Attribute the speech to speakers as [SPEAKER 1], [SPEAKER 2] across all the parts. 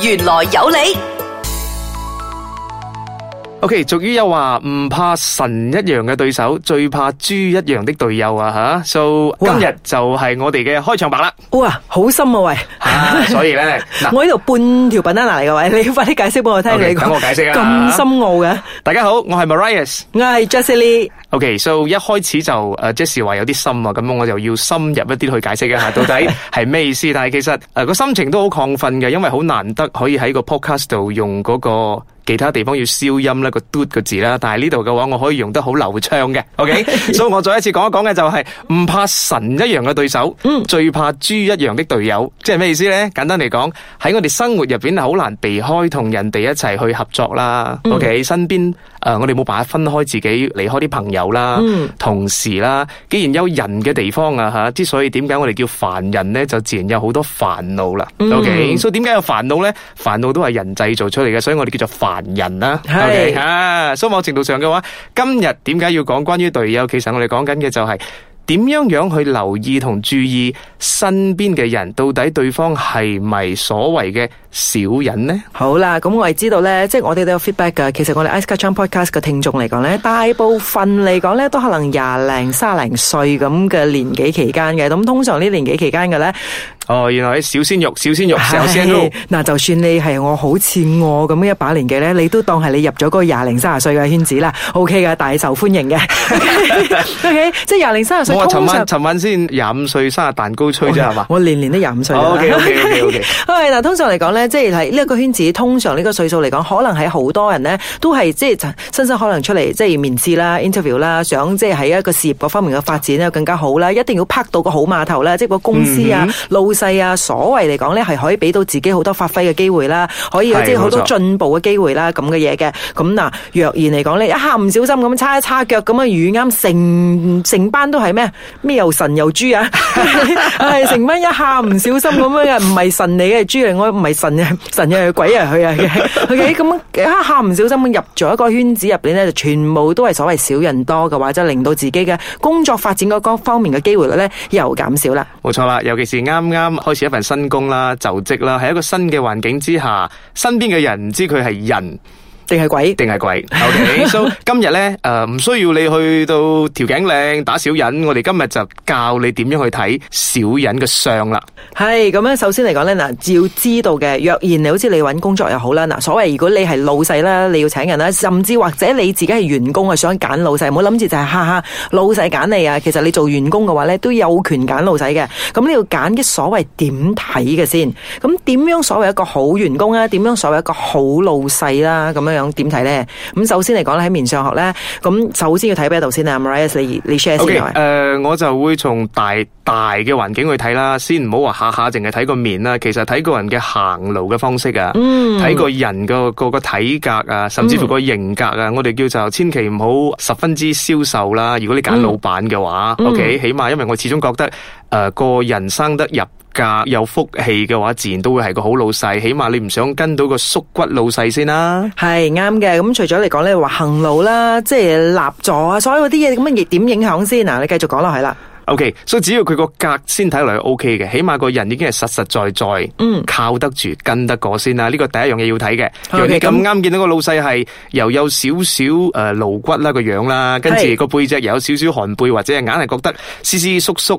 [SPEAKER 1] 玄來
[SPEAKER 2] 有理。OK，俗語有話唔怕神一樣嘅對手，最怕豬一樣的隊友啊！吓，So，今日就係我哋嘅開場白啦。
[SPEAKER 1] 哇，好深啊！喂，所以咧，我呢度半條 Banana 嚟嘅位，你快啲解釋俾我聽。你講，等我解釋啊。咁深
[SPEAKER 2] 奧嘅。大家好，我係 Mariah，我係 Jocelyne。O.K.，所、so，以一開始就誒，Jessie 話有啲深啊，咁我就要深入一啲去解釋一下到底係咩 意思？但係其實誒個、呃、心情都好亢奮嘅，因為好難得可以喺個 podcast 度用嗰、那個。其他地方要消音啦，個嘟個字啦，但係呢度嘅話，我可以用得好流暢嘅，OK， 所以我再一次講一講嘅就係、是、唔怕神一樣嘅對手，嗯、最怕豬一樣的隊友，即係咩意思咧？簡單嚟講，喺我哋生活入邊係好難避開同人哋一齊去合作啦，OK，、嗯、身邊誒、呃，我哋冇辦法分開自己，離開啲朋友啦，嗯、同時啦，既然有人嘅地方啊吓，之所以點解我哋叫凡人咧？就自然有好多煩惱啦，OK，、嗯、所以點解有煩惱咧？煩惱都係人製造出嚟嘅，所以我哋叫做煩。人啊，係啊，所以某程度上嘅話，今日點解要講關於隊友？其實我哋講緊嘅就係點樣樣去留意同注意身邊嘅人，到底對方係咪所謂嘅？小人咧，
[SPEAKER 1] 好啦，咁我亦知道咧，即係我哋都有 feedback 噶。其實我哋 Ice Catcher Podcast 嘅聽眾嚟講咧，大部分嚟講咧，都可能廿零、卅零歲咁嘅年紀期間嘅。咁通常呢年紀期間嘅咧，
[SPEAKER 2] 哦，原來啲小鮮肉，小鮮肉，小鮮肉。
[SPEAKER 1] 嗱，就算你係我好似我咁一把年紀咧，你都當係你入咗嗰廿零卅歲嘅圈子啦。OK 噶，大受歡迎嘅。OK，即係廿零卅歲。我尋晚尋
[SPEAKER 2] 晚先廿五歲生日蛋糕吹啫，係嘛？我年年都廿五歲。OK OK OK
[SPEAKER 1] OK。係嗱，通常嚟講咧。即係喺呢一個圈子，通常呢個歲數嚟講，可能係好多人咧都係即係新新可能出嚟，即係面試啦、interview 啦，想即係喺一個事業各方面嘅發展咧更加好啦，一定要拍到個好碼頭啦，即係個公司啊、老細、嗯嗯、啊，所謂嚟講咧係可以俾到自己好多發揮嘅機會啦，可以是即係好多進步嘅機會啦，咁嘅嘢嘅。咁嗱，若然嚟講咧，一下唔小心咁叉一叉腳咁啊，遇啱成成班都係咩咩又神又豬啊，係 成班一下唔小心咁樣嘅，唔係神嚟嘅，豬嚟我唔係神。神人，啊，佢，啊，鬼人佢啊嘅，佢咁一下唔小心咁入咗一個圈子入邊咧，就全部都係所謂小人多嘅話，就令到自己嘅工作發展嗰方面嘅機會率
[SPEAKER 2] 咧，又減少啦。冇錯啦，尤其是啱啱開始一份新工啦、就職啦，喺一個新嘅環境之下，身邊嘅人唔知佢係人，定係鬼，定係鬼。O K，so 今日咧，誒，唔需要你去到鵝頸橋打小人，我哋今日就教你點樣去睇小人嘅相啦。
[SPEAKER 1] 係咁樣，首先嚟講咧，嗱，要知道嘅，若然你好似你搵工作又好啦，嗱，所謂如果你係老細啦，你要請人啦，甚至或者你自己係員工啊，想揀老細，唔好諗住就係哈哈，老細揀你啊。其實你做員工嘅話咧，都有權揀老細嘅。咁你要揀啲所謂點睇嘅先。咁點樣所謂一個好員工咧？點樣所謂一個好老細啦？咁樣。講點睇咧？咁首先嚟講咧，喺面相學咧，咁首先要睇邊度先啊。Marie 你你 share 先。誒、okay,
[SPEAKER 2] 呃，我就會從大大嘅環境去睇啦，先唔好話下下淨係睇個面啦。其實睇個人嘅行路嘅方式啊，睇、嗯、個人個個個體格啊，甚至乎個型格啊。嗯、我哋叫就千祈唔好十分之消瘦啦。如果你揀老闆嘅話，O K，起碼因為我始終覺得誒、呃、個人生得入。格有福氣嘅話，自然都會係個好老細，起碼你唔想跟到個縮骨老細先啦、
[SPEAKER 1] 啊。係啱嘅，咁、嗯、除咗嚟講咧，話行路啦，即係立咗，啊，所有嗰啲嘢咁啊，點影響先嗱？你繼續講落去啦。
[SPEAKER 2] O K，所以只要佢個格先睇落去 O K 嘅，起碼個人已經係實實在在，在，嗯，靠得住，跟得過先啦、啊。呢個第一樣嘢要睇嘅。如果咁啱見到個老細係又有少少誒露骨啦個樣啦，跟住個是背脊又有少少寒背或者係硬係覺得斯斯縮縮。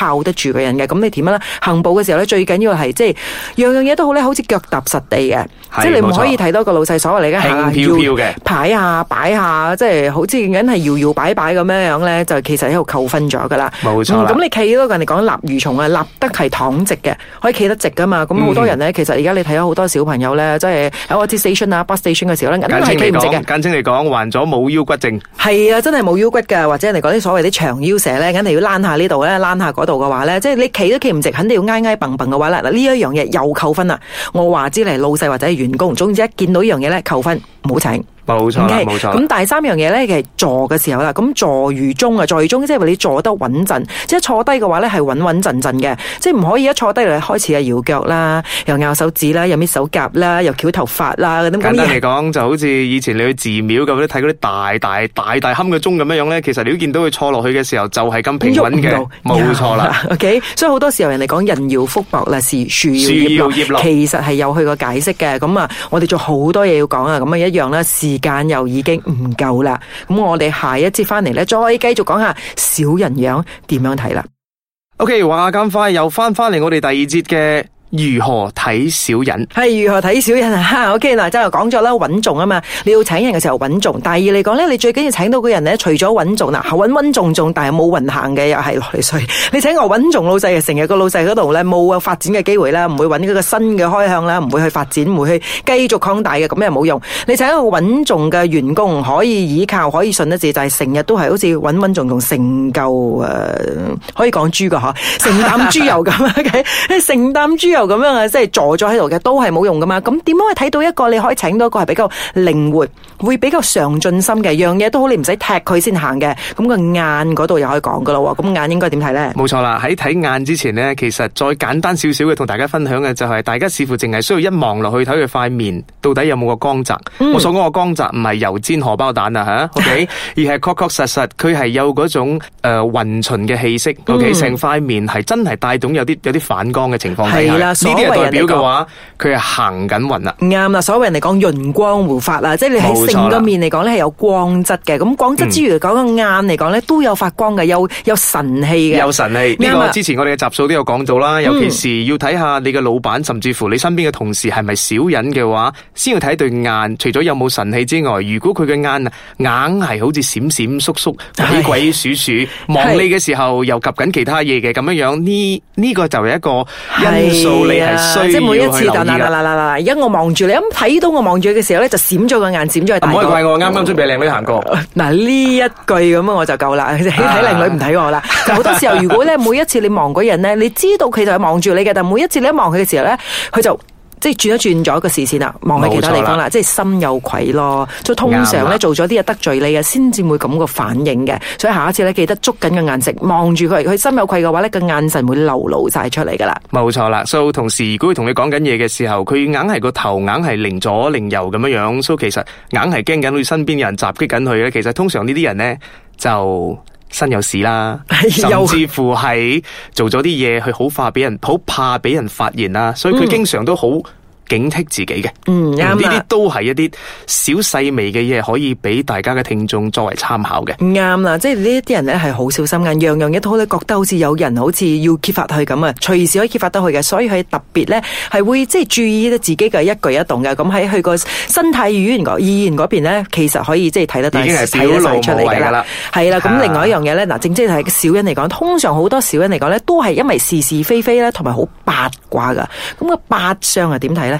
[SPEAKER 1] 靠得住嘅人嘅，咁你點樣咧？行步嘅時候咧，最緊要係即係樣樣嘢都好咧，好似腳踏實地嘅，是即係你唔可以睇到個老細所謂嚟嘅，飄飄要下要嘅擺下擺下，即係好似緊係搖搖擺擺咁樣樣咧，就其實喺度扣分咗噶啦。冇錯啦，咁、嗯、你企多，人哋講立如松啊，立得係躺直嘅，可以企得直噶嘛。咁好、嗯、多人咧，其實而家你睇到好多小朋友咧，即係喺、嗯、station 啊、bus station 嘅時候咧，緊係企唔直嘅。
[SPEAKER 2] 簡稱嚟講，患咗冇腰骨症。
[SPEAKER 1] 係啊，真係冇腰骨噶，或者人哋講啲所謂啲長腰蛇咧，緊係要攬下呢度咧，攬下。嗰度嘅話咧，即係你企都企唔直，肯定要挨挨嘭嘭嘅話啦。嗱，呢一樣嘢又扣分啦。我話知你係老細或者係員工，總之一見到呢樣嘢咧，扣分唔好請。冇
[SPEAKER 2] 錯，冇 Okay, 錯。咁
[SPEAKER 1] 第三樣嘢咧，其實坐嘅時候啦，咁坐如鐘啊，坐如鐘即係話你坐得穩陣，即係坐低嘅話咧係穩穩陣陣嘅，即係唔可以一坐低嚟開始啊搖腳啦，又咬手指啦，又搣手甲啦，又翹頭髮啦嗰啲。簡單嚟
[SPEAKER 2] 講，就好似以前你去寺廟咁，你睇嗰啲大大大大冚嘅鐘咁樣樣咧，其實你都見到佢坐落去嘅時候就係、是、咁平穩嘅，冇錯啦。
[SPEAKER 1] OK，所以好多時候人哋講人搖福薄啦，樹搖葉落，其實係有佢個解釋嘅。咁啊，我哋做好多嘢要講啊，咁啊一樣啦，間又已經唔夠啦，咁我哋下一節返嚟咧，再繼續講下小人樣點樣睇啦。
[SPEAKER 2] OK，話咁快又返返嚟，我哋第二節嘅。如何睇小人？
[SPEAKER 1] 係如何睇小人啊？哈，OK 嗱，就講咗啦，穩重啊嘛，你要請人嘅時候穩重。第二嚟講咧，你最緊要請到個人咧，除咗穩重，嗱，穩穩重重，但係冇運行嘅又係落嚟衰。你請個穩重老細，成日個老細嗰度咧冇啊發展嘅機會啦，唔會搵一個新嘅開向啦，唔會去發展，唔會去繼續擴大嘅，咁又冇用。你請一個穩重嘅員工，可以依靠，可以信得住，就係成日都係好似穩穩重重，成就誒，可以講豬噶嗬，成擔豬油咁，成擔豬油。就咁樣啊，即係坐咗喺度嘅，都係冇用噶嘛。咁點樣可以睇到一個？你可以請到一個係比較靈活，會比較上進心嘅樣嘢都好，你唔使踢佢先行嘅。咁個眼嗰度又可以講噶咯。咁眼應該點睇咧？
[SPEAKER 2] 冇錯啦。喺睇眼之前咧，其實再簡單少少嘅，同大家分享嘅就係，大家似乎淨係需要一望落去睇佢塊面到底有冇個光澤。我所講個光澤唔係油煎荷包蛋啊吓，O K，而係確確實實佢係有嗰種誒勻純嘅氣息。O K，成塊面係真係帶種有啲有啲反光嘅情況底下。呢啲係代表嘅話，佢係行緊運啦。
[SPEAKER 1] 啱啦，所謂人嚟講，容光煥發啦，即係你喺成個面嚟講咧，係有光澤嘅。咁光澤之餘，講個眼嚟講咧，都有發光嘅，有有神氣嘅。有神氣。啱啊。這個、之前
[SPEAKER 2] 我哋嘅集數都有講到啦，了尤其是要睇下你嘅老闆，甚至乎你身邊嘅同事係咪小人嘅話，先要睇對眼。除咗有冇神氣之外，如果佢嘅眼啊，硬係好似閃閃縮縮、鬼鬼祟祟，望是你嘅時候又及緊其他嘢嘅咁樣樣，呢呢、這個就係一個因素。你係衰，即係每一次就嗱嗱嗱嗱，
[SPEAKER 1] 而家、啊、 我望住你，咁睇 到我望住佢嘅時候咧，就閃咗個眼，閃咗去。大。唔可以怪我，啱啱準備靚女行過。嗱呢 一句咁啊，我就夠啦。你睇靚女唔睇我啦。好 多時候，如果咧每一次你望嗰人咧，你知道佢就係望住你嘅，但係每一次你一望佢嘅時候咧，佢就。即係轉一轉咗個視線啦，望喺其他地方錯啦，即係心有愧咯。所以通常咧做咗啲嘢，得罪你嘅，先至會咁個反應嘅。錯所以下一次咧記得捉緊個眼神，望住佢，佢心有愧嘅話咧個眼神會流露晒出嚟噶啦。
[SPEAKER 2] 冇錯啦，所以同時，如果佢同你講緊嘢嘅時候，佢硬係個頭硬係擰左擰右咁樣樣。所以其實硬係驚緊佢身邊人襲擊緊佢嘅。其實通常呢啲人咧就。身有屎啦，甚至乎係做咗啲嘢，佢好怕畀人，好怕畀人發現啦，所以佢經常都好。警惕自己嘅，嗯啱呢啲都係一啲小細微嘅嘢，可以俾大家嘅聽眾作為參考嘅。
[SPEAKER 1] 啱啦，即係呢一啲人咧係好小心眼樣樣一套咧，覺得好似有人好似要揭發佢咁啊，隨時可以揭發得佢嘅，所以佢特別咧係會即係、就是、注意咧自己嘅一舉一動嘅。咁喺佢個身體語言嗰語言嗰邊咧，其實可以即係睇得到，已經係表露出嚟噶係啦。咁、啊、另外一樣嘢咧，嗱，正正係小人嚟講，通常好多小人嚟講咧，都係因為是是非非咧同埋好八卦噶。咁個八相係點睇咧？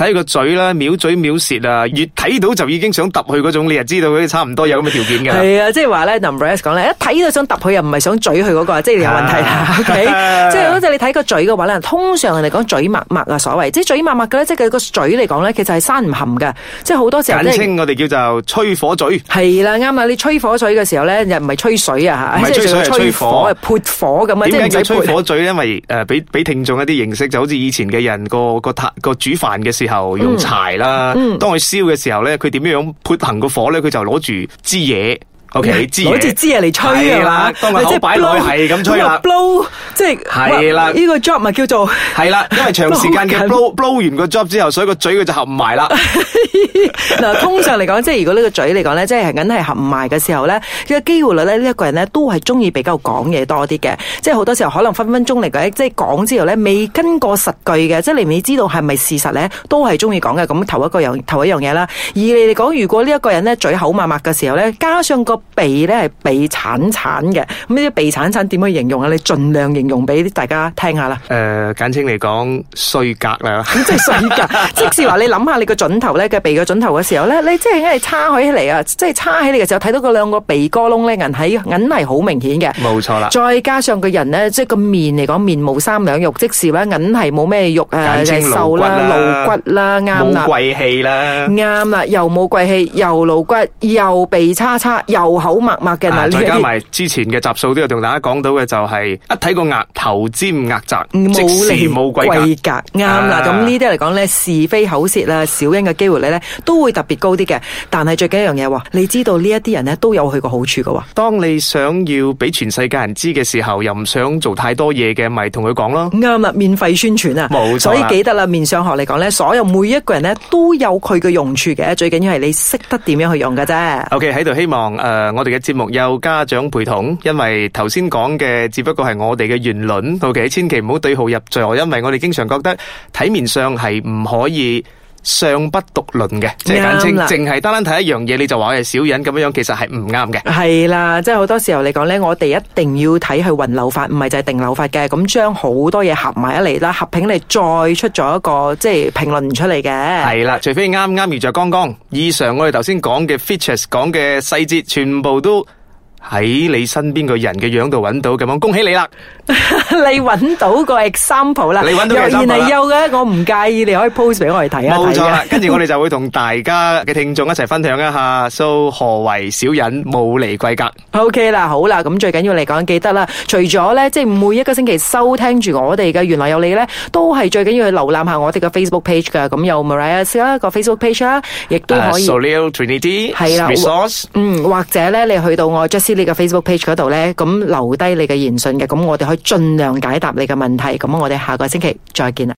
[SPEAKER 2] 睇個嘴啦，藐嘴藐舌啊，越睇到就已經想揼佢嗰種，你就知道佢差唔多有咁嘅條件噶。係
[SPEAKER 1] 啊，即係話咧，林博士講咧，一睇到想揼佢，又唔係想嘴佢嗰、嗰個，即係有問題啦、okay? 即係好似你睇個嘴嘅話咧，通常人哋講嘴密密啊所謂，即係嘴密密嘅咧，即係個個嘴嚟講咧，其實係生唔含嘅，即係好多時候咧，
[SPEAKER 2] 我哋叫做吹火嘴。係啦，
[SPEAKER 1] 啱 啊，你吹火嘴嘅時候咧，又唔係吹水啊吓，唔係吹水，吹，水吹火啊，潑火咁啊。點解 叫吹火
[SPEAKER 2] 嘴咧？因為誒，俾、呃、俾聽眾一啲認識，就好似以前嘅人個個個煮飯嘅時。就用柴啦，嗯、當佢燒嘅時候咧，佢點樣潑行個火咧？佢就攞住支嘢。O K，攞住支嘢嚟吹啊，當你個口擺落嚟係咁吹啦，blow 即係係啦，呢個 job 咪叫做係啦，因為長時間嘅 blow blow 完個 job 之後，所以個嘴佢就合唔埋啦。
[SPEAKER 1] 嗱，通常嚟講，即係如果呢個嘴嚟講咧，即係係緊係合唔埋嘅時候咧，個機會率咧，呢一個人咧都係中意比較講嘢多啲嘅，即係好多時候可能分分鐘嚟講，即係講之後咧未跟過實據嘅，即係你唔知道係咪事實咧，都係中意講嘅。咁頭一個樣頭一樣嘢啦，二嚟嚟講，如果呢一個人咧嘴口密密嘅時候咧，加上個。鼻咧係鼻鏟鏟嘅，咁呢啲鼻鏟鏟點樣形容啊？你盡量形
[SPEAKER 2] 容俾大家聽下啦。誒、呃，簡稱嚟講，衰格啦， 即係衰格，
[SPEAKER 1] 即使話你諗下你個準頭咧嘅鼻個準頭嘅時候咧，你即係喺度叉起嚟啊，即係叉起嚟嘅時候睇到嗰兩個鼻哥窿咧，銀喺銀係好明顯嘅，
[SPEAKER 2] 冇錯啦。再
[SPEAKER 1] 加上個人咧，即係個面嚟講，面冇三兩肉，即是話銀係冇咩肉誒瘦啦、呃，露骨啦，啱啦，冇貴
[SPEAKER 2] 氣啦，
[SPEAKER 1] 啱啦，又冇貴氣，又露骨，又鼻叉叉，又口默默嘅，埋再加埋
[SPEAKER 2] 之前嘅集數都有同大家講到嘅，就係一睇個額頭尖額窄，冇貴格啱啦。咁呢
[SPEAKER 1] 啲嚟講咧是非口舌啦，小人嘅機會率咧都會特別高啲嘅。但係最緊要一樣嘢，話你知道呢一啲人咧都有佢個好處嘅。
[SPEAKER 2] 當你想要俾全世界人知嘅時候，又唔想做太多嘢嘅，咪同佢講咯。啱啦，免費宣傳啊，冇錯。所以記得啦，
[SPEAKER 1] 面相學嚟講咧，所有每一個人咧都有佢嘅用處嘅。最緊要係你識得點樣去用嘅啫。
[SPEAKER 2] OK 喺度希望誒。誒，我哋嘅節目有家長陪同，因為頭先講嘅只不過係我哋嘅言論，到、OK? 期千祈唔好對號入座，因為我哋經常覺得體面上係唔可以。相不獨論嘅，即係簡稱，淨係了單單睇一樣嘢，你就話我係小人咁樣樣，其實係唔啱嘅。
[SPEAKER 1] 係啦，即係好多時候你講呢，我哋一定要睇係混流法，唔係就係定流法嘅。咁將好多嘢合埋一嚟啦，合併你再出咗一個，即係評論出嚟
[SPEAKER 2] 嘅。係啦，除非啱啱遇着剛剛。以上，我哋頭先講嘅 features 講嘅細節，全部都喺你身邊個人嘅樣度揾到，咁樣恭喜你啦！
[SPEAKER 1] 你揾到個 example 啦，原來有嘅，我唔介意，你可以 post 俾我哋嚟睇一睇。冇錯啦，跟住我
[SPEAKER 2] 哋就會同大家嘅聽眾一齊分享一下，So 何為小人冇離貴格。
[SPEAKER 1] OK 啦，好啦，咁最緊要嚟講，記得啦，除咗咧，即係每一個星期收聽住我哋嘅玄來有理咧，都係最緊要去瀏覽下我哋嘅 Facebook page 噶。咁有 Maria 斯一個 Facebook page 啦，亦都可以。Solio
[SPEAKER 2] Trinity 係啦，resource
[SPEAKER 1] 嗯，或者咧，你去到我 Jessie Lee 嘅 Facebook page 嗰度咧，咁留低你嘅言訊嘅，咁我哋可以，盡量解答你嘅問題，咁我哋下個星期再見啦。